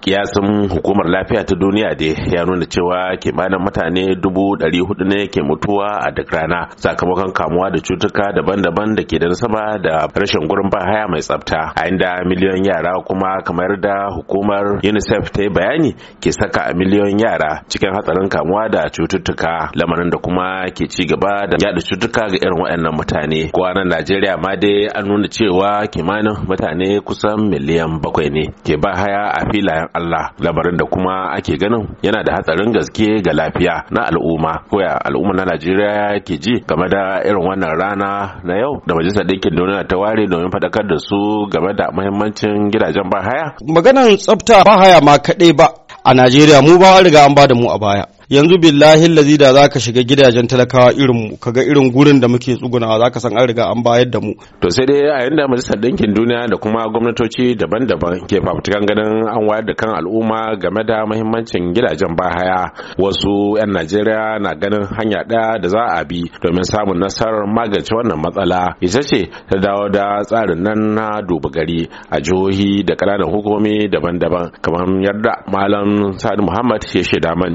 kiyasin hukumar lafiya ta duniya dai ya nuna cewa kimanin mutane dubu ɗari hudu ne ke mutuwa a duk rana sakamakon kamuwa da cutuka daban-daban da ke da nasaba da rashin gurin haya mai tsafta a inda miliyon yara kuma kamar da hukumar unicef ta yi bayani ke saka a miliyon yara cikin hatsarin kamuwa da cututtuka lamarin da kuma ke ci gaba da yada cututtuka ga irin waɗannan mutane nan najeriya ma dai an nuna cewa kimanin mutane kusan miliyan bakwai ne ke haya a filayen Allah labarin da kuma ake ganin yana da hatsarin gaske ga lafiya na al'umma koya al'umma na Najeriya ke ji game da irin wannan rana na yau da majalisar ɗinkin duniya ta ware domin faɗakar da su game da muhimmancin gidajen bahaya Maganar tsafta bahaya ma kaɗai ba a Najeriya mu ba riga an ba da mu a baya yanzu billahi lazi da za ka shiga gidajen talakawa irin mu kaga irin gurin da muke tsugunawa za ka san an riga an bayar da mu to sai dai a yanda majalisar ɗinkin duniya da kuma gwamnatoci daban-daban ke fafutukan ganin an wayar da kan al'umma game da mahimmancin gidajen bahaya wasu 'yan najeriya na ganin hanya ɗaya da za a bi domin samun nasarar magance wannan matsala ita ce ta dawo da tsarin nan na duba gari a jihohi da ƙananan hukumomi daban-daban kamar yadda malam sadu muhammad ya shaida man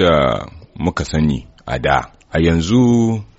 da muka sani a da a yanzu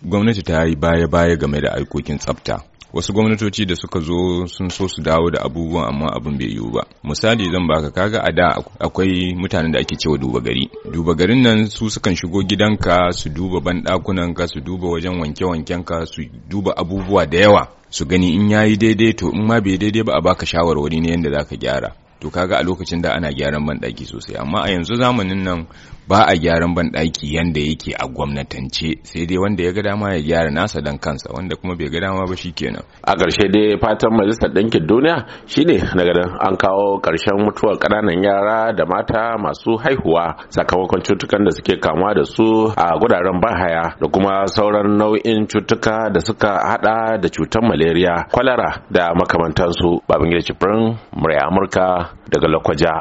gwamnati ta yi baya-baya game da aikokin tsafta wasu gwamnatoci da suka zo sun so su dawo da abubuwan amma abin bai yiwu ba misali zan baka kaga a da akwai mutanen da ake cewa duba gari duba garin nan su sukan shigo gidanka su duba banɗakunanka su duba wajen wanke-wankenka su duba abubuwa da yawa su gani in yayi daidai to in ma bai daidai ba a baka shawarwari ne yadda za ka gyara to kaga a lokacin da ana gyaran banɗaki sosai amma a yanzu zamanin nan ba a gyaran banɗaki yanda yake a gwamnatance sai dai wanda ya ga dama ya gyara nasa dan kansa wanda kuma bai ga dama ba shikenan a ƙarshe dai fatan majalisar ɗinkin duniya shine daga an kawo ƙarshen mutuwar ƙananan yara da mata masu haihuwa sakamakon cutukan da suke kamuwa da su a guraren bahaya da kuma sauran nau'in cutuka da suka hada da cutar malaria kwalara da makamantansu babangida cifrin murya amurka daga Lakwaja